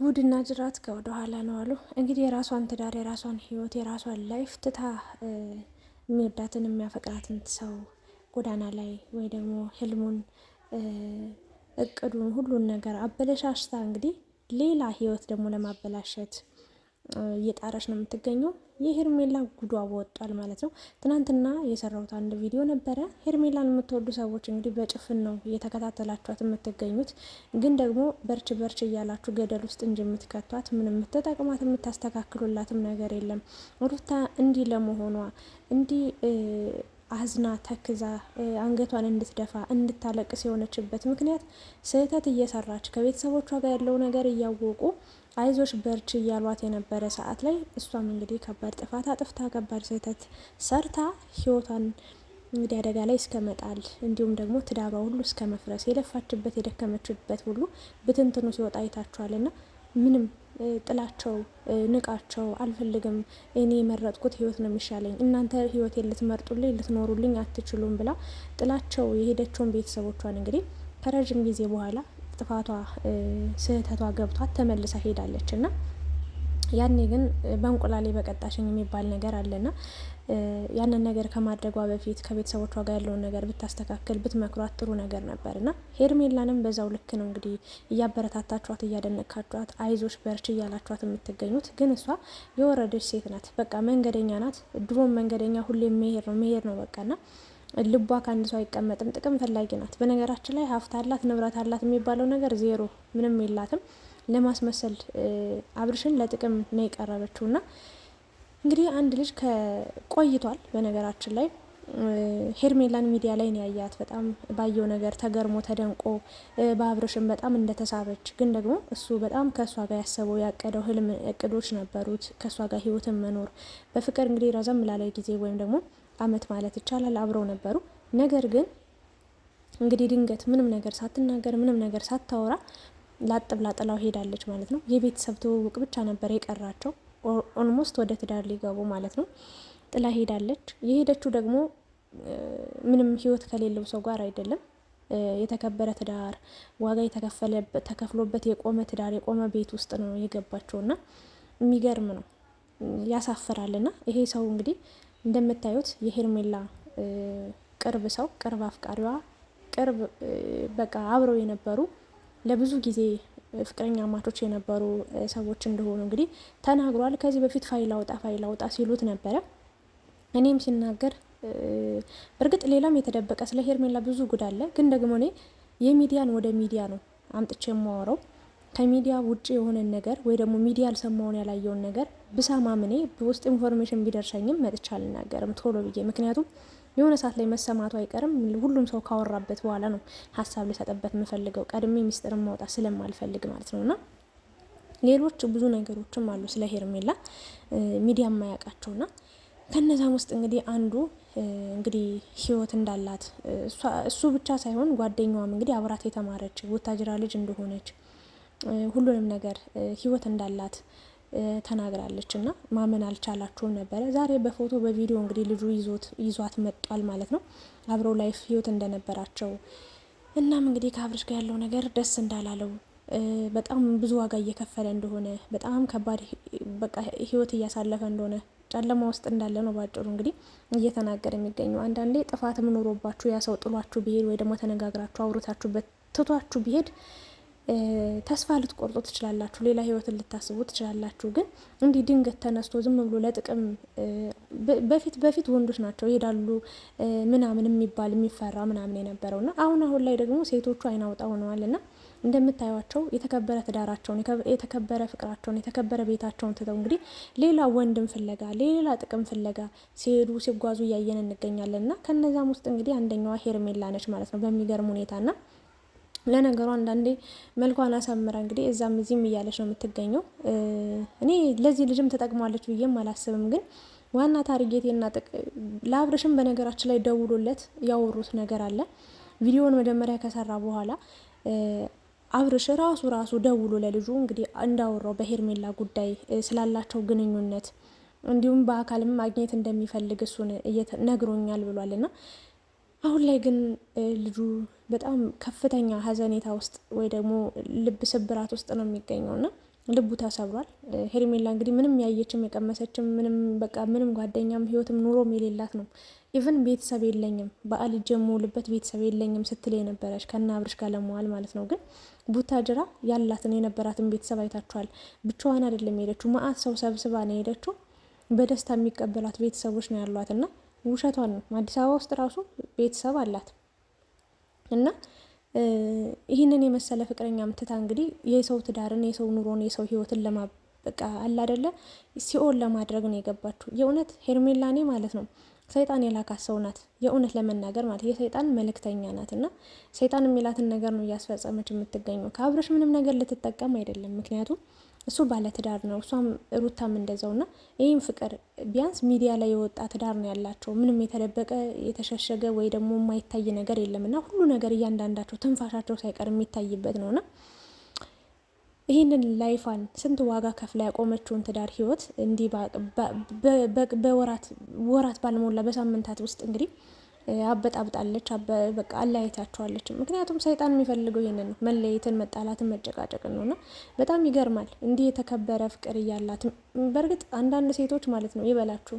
ጉድና ጅራት ከወደ ኋላ ነው አሉ። እንግዲህ የራሷን ትዳር የራሷን ህይወት የራሷን ላይፍ ትታ የሚወዳትን የሚያፈቅራትን ሰው ጎዳና ላይ ወይ ደግሞ ህልሙን እቅዱን ሁሉን ነገር አበለሻሽታ እንግዲህ ሌላ ህይወት ደግሞ ለማበላሸት እየጣረች ነው የምትገኘው። የሄርሜላ ጉዷ ወጧል ማለት ነው። ትናንትና የሰራሁት አንድ ቪዲዮ ነበረ። ሄርሜላን የምትወዱ ሰዎች እንግዲህ በጭፍን ነው እየተከታተላችኋት የምትገኙት። ግን ደግሞ በርች በርች እያላችሁ ገደል ውስጥ እንጂ የምትከቷት ምን የምትጠቅማት የምታስተካክሉላትም ነገር የለም። ሩታ እንዲህ ለመሆኗ እንዲህ አዝና ተክዛ አንገቷን እንድትደፋ እንድታለቅስ የሆነችበት ምክንያት ስህተት እየሰራች ከቤተሰቦቿ ጋር ያለው ነገር እያወቁ አይዞሽ በርች እያሏት የነበረ ሰዓት ላይ እሷም እንግዲህ ከባድ ጥፋት አጥፍታ ከባድ ስህተት ሰርታ ህይወቷን እንግዲህ አደጋ ላይ እስከ መጣል እንዲሁም ደግሞ ትዳሯ ሁሉ እስከ መፍረስ የለፋችበት የደከመችበት ሁሉ ብትንትኑ ሲወጣ ና ምንም ጥላቸው ንቃቸው፣ አልፈልግም፣ እኔ የመረጥኩት ህይወት ነው የሚሻለኝ፣ እናንተ ህይወት ልትመርጡልኝ ልትኖሩልኝ አትችሉም ብላ ጥላቸው የሄደችውን ቤተሰቦቿን እንግዲህ ከረዥም ጊዜ በኋላ ጥፋቷ ስህተቷ ገብቷት ተመልሳ ሄዳለች እና ያኔ ግን በእንቁላሌ በቀጣሽኝ የሚባል ነገር አለና ያንን ነገር ከማድረጓ በፊት ከቤተሰቦቿ ጋር ያለውን ነገር ብታስተካክል ብትመክሯት ጥሩ ነገር ነበር እና ሄርሜላንም በዛው ልክ ነው እንግዲህ እያበረታታችኋት፣ እያደነካችኋት፣ አይዞች በርች እያላችኋት የምትገኙት። ግን እሷ የወረደች ሴት ናት። በቃ መንገደኛ ናት። ድሮም መንገደኛ ሁሌ መሄድ ነው መሄድ ነው በቃ ና ልቧ ከአንድ ሰው አይቀመጥም። ጥቅም ፈላጊ ናት። በነገራችን ላይ ሀብት አላት ንብረት አላት የሚባለው ነገር ዜሮ፣ ምንም የላትም። ለማስመሰል አብርሽን ለጥቅም ነው የቀረበችው። ና እንግዲህ አንድ ልጅ ቆይቷል። በነገራችን ላይ ሄርሜላን ሚዲያ ላይ ነው ያያት። በጣም ባየው ነገር ተገርሞ ተደንቆ በአብርሽን በጣም እንደተሳበች፣ ግን ደግሞ እሱ በጣም ከእሷ ጋር ያሰበው ያቀደው ህልም እቅዶች ነበሩት፣ ከእሷ ጋር ህይወትን መኖር በፍቅር እንግዲህ ረዘም ላለ ጊዜ ወይም ደግሞ አመት ማለት ይቻላል አብረው ነበሩ። ነገር ግን እንግዲህ ድንገት ምንም ነገር ሳትናገር ምንም ነገር ሳታወራ ላጥ ብላ ጥላው ሄዳለች ማለት ነው። የቤተሰብ ትውውቅ ብቻ ነበር የቀራቸው ኦልሞስት ወደ ትዳር ሊገቡ ማለት ነው። ጥላ ሄዳለች። የሄደችው ደግሞ ምንም ህይወት ከሌለው ሰው ጋር አይደለም። የተከበረ ትዳር ዋጋ ተከፍሎበት የቆመ ትዳር የቆመ ቤት ውስጥ ነው የገባቸውና የሚገርም ነው፣ ያሳፍራልና ይሄ ሰው እንግዲህ እንደምታዩት የሄርሜላ ቅርብ ሰው ቅርብ አፍቃሪዋ ቅርብ በቃ አብረው የነበሩ ለብዙ ጊዜ ፍቅረኛ ማቾች የነበሩ ሰዎች እንደሆኑ እንግዲህ ተናግሯል። ከዚህ በፊት ፋይል አውጣ ፋይል አውጣ ሲሉት ነበረ። እኔም ሲናገር በእርግጥ ሌላም የተደበቀ ስለ ሄርሜላ ብዙ ጉድ አለ። ግን ደግሞ እኔ የሚዲያን ወደ ሚዲያ ነው አምጥቼ የማወራው ከሚዲያ ውጭ የሆነን ነገር ወይ ደግሞ ሚዲያ አልሰማውን ያላየውን ነገር ብሰማም ምኔ በውስጥ ኢንፎርሜሽን ቢደርሰኝም መጥቻ አልናገርም ቶሎ ብዬ። ምክንያቱም የሆነ ሰዓት ላይ መሰማቱ አይቀርም። ሁሉም ሰው ካወራበት በኋላ ነው ሀሳብ ልሰጥበት የምፈልገው። ቀድሜ ሚስጥርን ማውጣት ስለማልፈልግ ማለት ነውና ሌሎች ብዙ ነገሮችም አሉ ስለ ሄርሜላ ሚዲያ ና ከነዛም ውስጥ እንግዲህ አንዱ እንግዲህ ህይወት እንዳላት እሱ ብቻ ሳይሆን ጓደኛዋም እንግዲህ አብራት የተማረች ወታጅራ ልጅ እንደሆነች ሁሉንም ነገር ህይወት እንዳላት ተናግራለች እና ማመን አልቻላችሁም ነበረ። ዛሬ በፎቶ በቪዲዮ እንግዲህ ልጁ ይዟት መጧል ማለት ነው። አብረው ላይፍ ህይወት እንደነበራቸው እናም እንግዲህ ከአብርሽ ጋር ያለው ነገር ደስ እንዳላለው በጣም ብዙ ዋጋ እየከፈለ እንደሆነ በጣም ከባድ በቃ ህይወት እያሳለፈ እንደሆነ ጨለማ ውስጥ እንዳለ ነው ባጭሩ እንግዲህ እየተናገረ የሚገኘው። አንዳንዴ ጥፋትም ኖሮባችሁ ያ ሰው ጥሏችሁ ቢሄድ ወይ ደግሞ ተነጋግራችሁ አውርታችሁበት ትቷችሁ ቢሄድ ተስፋ ልትቆርጡ ትችላላችሁ፣ ሌላ ህይወትን ልታስቡ ትችላላችሁ። ግን እንዲህ ድንገት ተነስቶ ዝም ብሎ ለጥቅም በፊት በፊት ወንዶች ናቸው ይሄዳሉ ምናምን የሚባል የሚፈራ ምናምን የነበረው ና አሁን አሁን ላይ ደግሞ ሴቶቹ አይናውጣ ሆነዋል ና እንደምታዩቸው የተከበረ ትዳራቸውን የተከበረ ፍቅራቸውን የተከበረ ቤታቸውን ትተው እንግዲህ ሌላ ወንድም ፍለጋ ሌላ ጥቅም ፍለጋ ሲሄዱ ሲጓዙ እያየን እንገኛለን እና ከነዚያም ውስጥ እንግዲህ አንደኛዋ ሄርሜላ ነች ማለት ነው በሚገርም ሁኔታ ና። ለነገሩ አንዳንዴ መልኳን አሳምራ እንግዲህ እዛም እዚህም እያለች ነው የምትገኘው። እኔ ለዚህ ልጅም ተጠቅማለች ብዬም አላስብም። ግን ዋና ታርጌቴና ለአብርሽም በነገራችን ላይ ደውሎለት ያወሩት ነገር አለ። ቪዲዮውን መጀመሪያ ከሰራ በኋላ አብርሽ ራሱ ራሱ ደውሎ ለልጁ እንግዲህ እንዳወራው በሄርሜላ ጉዳይ ስላላቸው ግንኙነት እንዲሁም በአካልም ማግኘት እንደሚፈልግ እሱን ነግሮኛል ብሏልና አሁን ላይ ግን ልጁ በጣም ከፍተኛ ሀዘኔታ ውስጥ ወይ ደግሞ ልብ ስብራት ውስጥ ነው የሚገኘው እና ልቡ ተሰብሯል። ሄርሜላ እንግዲህ ምንም ያየችም የቀመሰችም ምንም በቃ ምንም ጓደኛም ህይወትም ኑሮም የሌላት ነው። ኢቨን ቤተሰብ የለኝም በዓል ጀሞልበት ቤተሰብ የለኝም ስትል የነበረች ከና አብርሽ ጋር ለመዋል ማለት ነው። ግን ጅራ ያላትን የነበራትን ቤተሰብ አይታችኋል። ብቻዋን አይደለም የሄደችው፣ መአት ሰው ሰብስባ ነው የሄደችው። በደስታ የሚቀበላት ቤተሰቦች ነው ያሏት እና ውሸቷን ነው። አዲስ አበባ ውስጥ ራሱ ቤተሰብ አላት እና ይህንን የመሰለ ፍቅረኛ ምትታ እንግዲህ የሰው ትዳርን፣ የሰው ኑሮን፣ የሰው ህይወትን ለማበቃ አለ አይደለ ሲኦል ለማድረግ ነው የገባችው። የእውነት ሄርሜላኔ ማለት ነው ሰይጣን የላካት ሰው ናት። የእውነት ለመናገር ማለት የሰይጣን መልእክተኛ ናት እና ሰይጣን የሚላትን ነገር ነው እያስፈጸመች የምትገኘው። ከአብረሽ ምንም ነገር ልትጠቀም አይደለም ምክንያቱም እሱ ባለ ትዳር ነው፣ እሷም ሩታም እንደዛው ና ይህም ፍቅር ቢያንስ ሚዲያ ላይ የወጣ ትዳር ነው ያላቸው። ምንም የተደበቀ የተሸሸገ ወይ ደግሞ የማይታይ ነገር የለም ና ሁሉ ነገር እያንዳንዳቸው ትንፋሻቸው ሳይቀር የሚታይበት ነውና ይህንን ላይፋን ስንት ዋጋ ከፍላ ያቆመችውን ትዳር ህይወት እንዲህ በወራት ባልሞላ በሳምንታት ውስጥ እንግዲህ አበጣብጣለች። በቃ አለያይታቸዋለች። ምክንያቱም ሰይጣን የሚፈልገው ይህንን ነው፣ መለየትን፣ መጣላትን፣ መጨቃጨቅን ነውና በጣም ይገርማል። እንዲህ የተከበረ ፍቅር እያላት በእርግጥ አንዳንድ ሴቶች ማለት ነው ይበላችሁ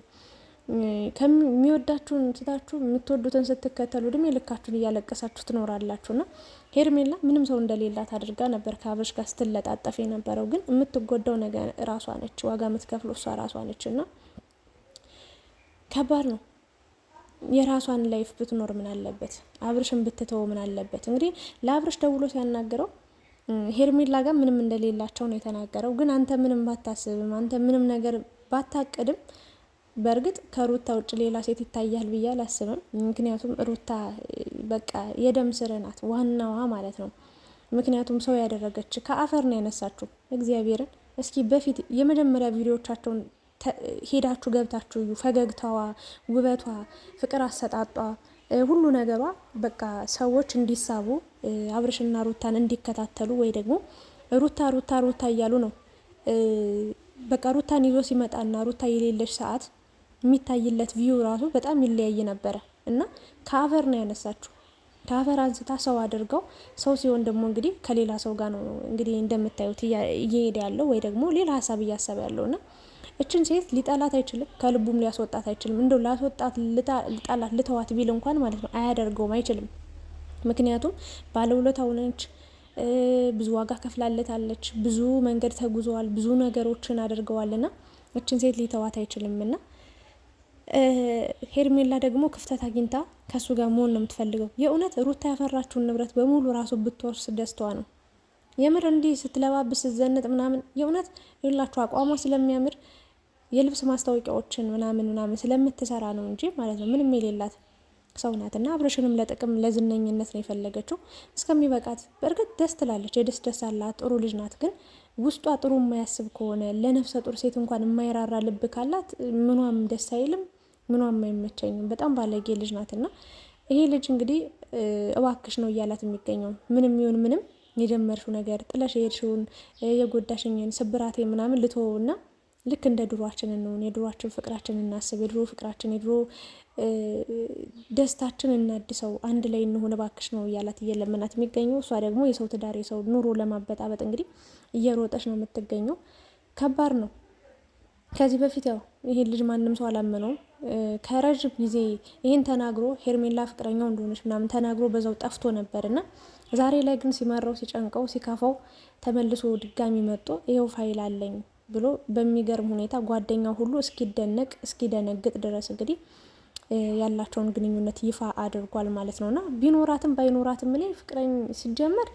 ከሚወዳችሁን ትታችሁ የምትወዱትን ስትከተሉ እድሜ ልካችሁን እያለቀሳችሁ ትኖራላችሁና ሄርሜላ ምንም ሰው እንደሌላት አድርጋ ነበር ከአብርሽ ጋር ስትለጣጠፍ የነበረው። ግን የምትጎዳው ነገር ራሷ ነች፣ ዋጋ የምትከፍለው እሷ ራሷ ነች። እና ከባድ ነው የራሷን ላይፍ ብትኖር ምን አለበት? አብርሽን ብትተው ምን አለበት? እንግዲህ ለአብርሽ ደውሎ ሲያናገረው ሄርሜላ ጋር ምንም እንደሌላቸው ነው የተናገረው። ግን አንተ ምንም ባታስብም፣ አንተ ምንም ነገር ባታቅድም በእርግጥ ከሩታ ውጭ ሌላ ሴት ይታያል ብዬ አላስብም። ምክንያቱም ሩታ በቃ የደም ስር ናት፣ ዋናዋ ማለት ነው። ምክንያቱም ሰው ያደረገች ከአፈር ነው ያነሳችሁ እግዚአብሔርን። እስኪ በፊት የመጀመሪያ ቪዲዮቻቸውን ሄዳችሁ ገብታችሁ እዩ። ፈገግታዋ፣ ውበቷ፣ ፍቅር አሰጣጧ፣ ሁሉ ነገሯ በቃ ሰዎች እንዲሳቡ አብርሽና ሩታን እንዲከታተሉ ወይ ደግሞ ሩታ ሩታ ሩታ እያሉ ነው በቃ ሩታን ይዞ ሲመጣና ሩታ የሌለች ሰዓት የሚታይለት ቪዩ ራሱ በጣም ይለያይ ነበረ እና ከአፈር ነው ያነሳችሁ። ከአፈር አንስታ ሰው አድርገው ሰው ሲሆን ደግሞ እንግዲህ ከሌላ ሰው ጋር ነው እንግዲህ እንደምታዩት እየሄደ ያለው ወይ ደግሞ ሌላ ሀሳብ እያሰበ ና። እችን ሴት ሊጠላት አይችልም፣ ከልቡም ሊያስወጣት አይችልም። እንደው ላስወጣት ልጣላት ልተዋት ቢል እንኳን ማለት ነው አያደርገውም፣ አይችልም። ምክንያቱም ባለውለታው ነች። ብዙ ዋጋ ከፍላለታለች። ብዙ መንገድ ተጉዘዋል። ብዙ ነገሮችን አድርገዋልና እችን ሴት ሊተዋት አይችልምና ሄርሜላ ደግሞ ክፍተት አግኝታ ከእሱ ጋር መሆን ነው የምትፈልገው። የእውነት ሩታ ያፈራችውን ንብረት በሙሉ ራሱ ብትወርስ ደስተዋ ነው። የምር እንዲህ ስትለባብስ ስትዘነጥ ምናምን የእውነት ሌላችሁ አቋሟ ስለሚያምር የልብስ ማስታወቂያዎችን ምናምን ምናምን ስለምትሰራ ነው እንጂ ማለት ነው ምንም የሌላት ሰው ናት። እና አብረሽንም ለጥቅም ለዝነኝነት ነው የፈለገችው እስከሚበቃት። በእርግጥ ደስ ትላለች፣ የደስ ደስ አላት፣ ጥሩ ልጅ ናት። ግን ውስጧ ጥሩ የማያስብ ከሆነ ለነፍሰ ጡር ሴት እንኳን የማይራራ ልብ ካላት ምኗም ደስ አይልም፣ ምኗም አይመቸኝም። በጣም ባለጌ ልጅ ናት። እና ይሄ ልጅ እንግዲህ እባክሽ ነው እያላት የሚገኘው ምንም ይሁን ምንም የጀመርሽው ነገር ጥለሽ የሄድሽውን የጎዳሽኝን ስብራቴ ምናምን ልትወውና ልክ እንደ ድሯችን እንሆን፣ የድሯችን ፍቅራችን እናስብ፣ የድሮ ፍቅራችን የድሮ ደስታችን እናድሰው፣ አንድ ላይ እንሆን እባክሽ ነው እያላት እየለመናት የሚገኘው። እሷ ደግሞ የሰው ትዳር የሰው ኑሮ ለማበጣበጥ እንግዲህ እየሮጠች ነው የምትገኘው። ከባድ ነው። ከዚህ በፊት ያው ይሄን ልጅ ማንም ሰው አላመነውም። ከረዥም ጊዜ ይህን ተናግሮ ሄርሜላ ፍቅረኛው እንደሆነች ምናምን ተናግሮ በዛው ጠፍቶ ነበር እና ዛሬ ላይ ግን ሲመራው ሲጨንቀው ሲከፋው ተመልሶ ድጋሚ መጦ ይኸው ፋይል አለኝ ብሎ በሚገርም ሁኔታ ጓደኛው ሁሉ እስኪደነቅ እስኪደነግጥ ድረስ እንግዲህ ያላቸውን ግንኙነት ይፋ አድርጓል ማለት ነው። እና ቢኖራትም ባይኖራትም እኔ ፍቅረኝ ሲጀመር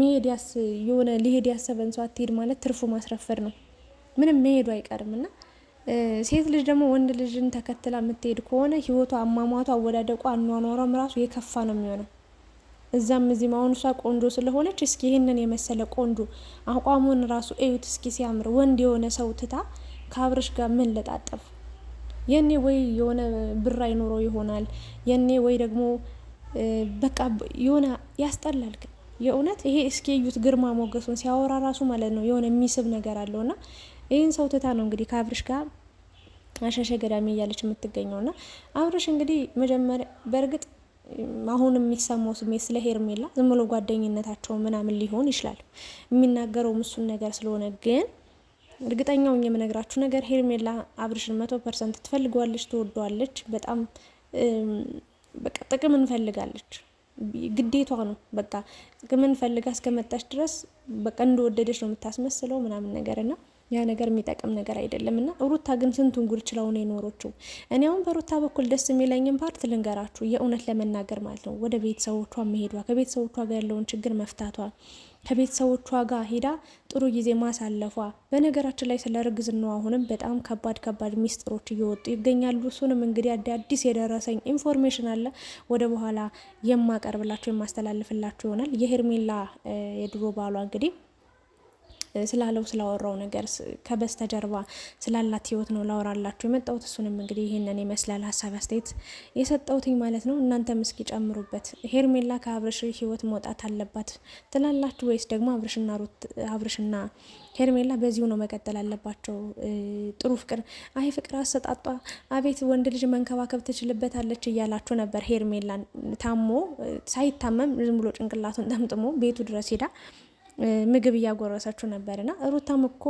መሄድ የሆነ ሊሄድ ያሰበን ሰው አትሄድ ማለት ትርፉ ማስረፈድ ነው። ምንም መሄዱ አይቀርም እና ሴት ልጅ ደግሞ ወንድ ልጅን ተከትላ የምትሄድ ከሆነ ህይወቷ አሟሟቷ፣ አወዳደቋ፣ አኗኗሯም ራሱ የከፋ ነው የሚሆነው። እዛም እዚህም አሁን እሷ ቆንጆ ስለሆነች እስኪ ይህንን የመሰለ ቆንጆ አቋሙን ራሱ እዩት እስኪ ሲያምር ወንድ የሆነ ሰው ትታ ከአብርሽ ጋር ምን ለጣጠፍ የኔ ወይ የሆነ ብር አይኖረው ይሆናል የኔ ወይ ደግሞ በቃ የሆነ ያስጠላል። የእውነት ይሄ እስኪ እዩት ግርማ ሞገሱን ሲያወራ ራሱ ማለት ነው የሆነ የሚስብ ነገር አለውና ይህን ሰው ትታ ነው እንግዲህ ከአብርሽ ጋር አሻሸ ገዳሚ እያለች የምትገኘውና አብርሽ እንግዲህ መጀመሪያ በእርግጥ አሁን የሚሰማው ስሜት ስለ ሄርሜላ ዝም ብሎ ጓደኝነታቸው ምናምን ሊሆን ይችላል። የሚናገረው ምሱን ነገር ስለሆነ ግን እርግጠኛው የምነግራችሁ ነገር ሄርሜላ አብርሽን መቶ ፐርሰንት ትፈልገዋለች፣ ትወደዋለች። በጣም በቃ ጥቅም እንፈልጋለች፣ ግዴቷ ነው። በቃ ጥቅም እንፈልጋ እስከመጣች ድረስ በቃ እንደወደደች ነው የምታስመስለው ምናምን ነገር ና ያ ነገር የሚጠቅም ነገር አይደለም እና ሩታ ግን ስንቱን ጉድ ችላው ነው የኖሮችው። እኔ አሁን በሩታ በኩል ደስ የሚለኝም ፓርት ልንገራችሁ፣ የእውነት ለመናገር ማለት ነው ወደ ቤተሰቦቿ መሄዷ፣ ከቤተሰቦቿ ጋር ያለውን ችግር መፍታቷ፣ ከቤተሰቦቿ ጋር ሄዳ ጥሩ ጊዜ ማሳለፏ። በነገራችን ላይ ስለ እርግዝናዋ አሁንም በጣም ከባድ ከባድ ሚስጥሮች እየወጡ ይገኛሉ። እሱንም እንግዲህ አዲስ የደረሰኝ ኢንፎርሜሽን አለ ወደ በኋላ የማቀርብላቸው የማስተላልፍላቸው ይሆናል። የሄርሜላ የድሮ ባሏ እንግዲህ ስላለው ስላወራው ነገር ከበስተጀርባ ስላላት ህይወት ነው ላወራላችሁ የመጣሁት። እሱንም እንግዲህ ይህንን ይመስላል ሀሳብ አስተያየት የሰጠውትኝ ማለት ነው። እናንተም እስኪ ጨምሩበት። ሄርሜላ ከአብርሽ ህይወት መውጣት አለባት ትላላችሁ ወይስ ደግሞ አብርሽና ሩት አብርሽና ሄርሜላ በዚሁ ነው መቀጠል አለባቸው? ጥሩ ፍቅር አይ ፍቅር አሰጣጧ አቤት ወንድ ልጅ መንከባከብ ትችልበታለች እያላችሁ ነበር። ሄርሜላን ታሞ ሳይታመም ዝም ብሎ ጭንቅላቱን ጠምጥሞ ቤቱ ድረስ ሄዳ ምግብ እያጎረሰችው እና ሩታም እኮ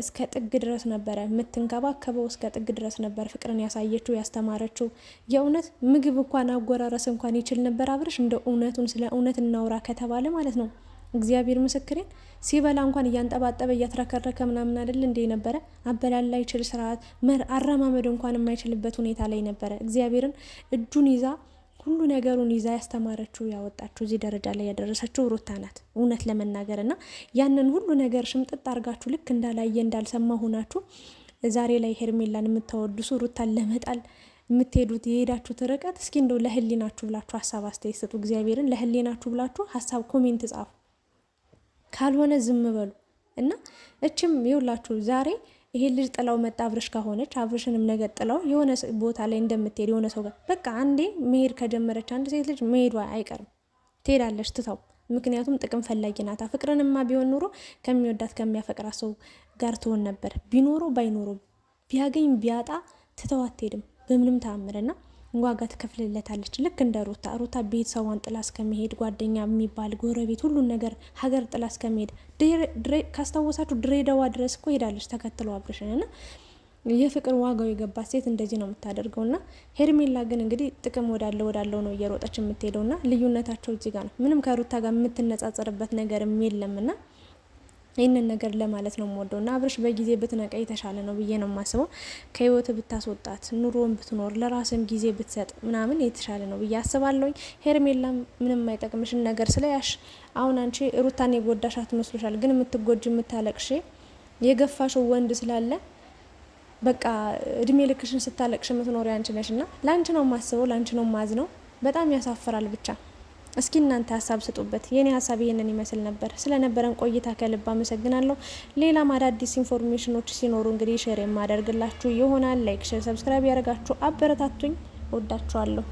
እስከ ጥግ ድረስ ነበረ የምትንከባከበው፣ እስከ ጥግ ድረስ ነበር ፍቅርን ያሳየችው ያስተማረችው። የእውነት ምግብ እንኳን አጎራረስ እንኳን ይችል ነበር አብርሽ። እንደ እውነቱን ስለ እውነት እናውራ ከተባለ ማለት ነው እግዚአብሔር ምስክሬን ሲበላ እንኳን እያንጠባጠበ እያትረከረከ ምናምን አይደል እንዴ ነበረ። አበላል ላይ ይችል ስርዓት አረማመድ እንኳን የማይችልበት ሁኔታ ላይ ነበረ። እግዚአብሔርን እጁን ይዛ ሁሉ ነገሩን ይዛ ያስተማረችው ያወጣችሁ እዚህ ደረጃ ላይ ያደረሰችው ሩታ ናት። እውነት ለመናገር እና ያንን ሁሉ ነገር ሽምጥጥ አርጋችሁ ልክ እንዳላየ እንዳልሰማ ሆናችሁ ዛሬ ላይ ሄርሜላን የምታወድሱ ሩታን ለመጣል የምትሄዱት የሄዳችሁት ርቀት እስኪ እንደው ለህሊናችሁ ብላችሁ ሀሳብ አስተያየት ስጡ። እግዚአብሔርን ለህሊናችሁ ብላችሁ ሀሳብ ኮሜንት ጻፉ፣ ካልሆነ ዝም በሉ እና እችም ይውላችሁ ዛሬ ይሄ ልጅ ጥላው መጣ አብረሽ ከሆነች አብረሽንም ነገ ጥላው የሆነ ቦታ ላይ እንደምትሄድ የሆነ ሰው ጋር በቃ አንዴ መሄድ ከጀመረች አንድ ሴት ልጅ መሄዷ አይቀርም፣ ትሄዳለች ትተው። ምክንያቱም ጥቅም ፈላጊ ናታ። ፍቅርንማ ቢሆን ኑሮ ከሚወዳት ከሚያፈቅራ ሰው ጋር ትሆን ነበር። ቢኖረው ባይኖረው ቢያገኝ ቢያጣ ትተው አትሄድም በምንም ተአምርና ዋጋ ትከፍልለታለች። ልክ እንደ ሩታ ሩታ ቤተሰቧን ጥላ እስከመሄድ ጓደኛ የሚባል ጎረቤት፣ ሁሉን ነገር ሀገር ጥላ እስከመሄድ ካስታወሳችሁ ድሬዳዋ ድረስ እኮ ሄዳለች ተከትለው አብርሽን እና የፍቅር ዋጋው የገባት ሴት እንደዚህ ነው የምታደርገው። ና ሄርሜላ ግን እንግዲህ ጥቅም ወዳለው ወዳለው ነው እየሮጠች የምትሄደው። ና ልዩነታቸው እዚህ ጋር ነው። ምንም ከሩታ ጋር የምትነጻጸርበት ነገርም የለም ና ይህንን ነገር ለማለት ነው የምወደው እና አብርሽ በጊዜ ብትነቃ የተሻለ ነው ብዬ ነው የማስበው። ከህይወት ብታስወጣት፣ ኑሮን ብትኖር፣ ለራስም ጊዜ ብትሰጥ ምናምን የተሻለ ነው ብዬ አስባለሁኝ። ሄርሜላ ምንም አይጠቅምሽን ነገር ስለያሽ አሁን አንቺ ሩታን የጎዳሻ ትመስሎሻል፣ ግን የምትጎጅ የምታለቅሽ የገፋሽው ወንድ ስላለ በቃ እድሜ ልክሽን ስታለቅሽ የምትኖሪ አንቺ ነሽ እና ለአንቺ ነው ማስበው፣ ለአንቺ ነው ማዝ ነው። በጣም ያሳፍራል ብቻ እስኪ እናንተ ሀሳብ ስጡበት። የኔ ሀሳብ ይህንን ይመስል ነበር። ስለነበረን ቆይታ ከልብ አመሰግናለሁ። ሌላም አዳዲስ ኢንፎርሜሽኖች ሲኖሩ እንግዲህ ሼር የማደርግላችሁ ይሆናል። ላይክ፣ ሼር፣ ሰብስክራይብ ያደርጋችሁ አበረታቱኝ። ወዳችኋለሁ።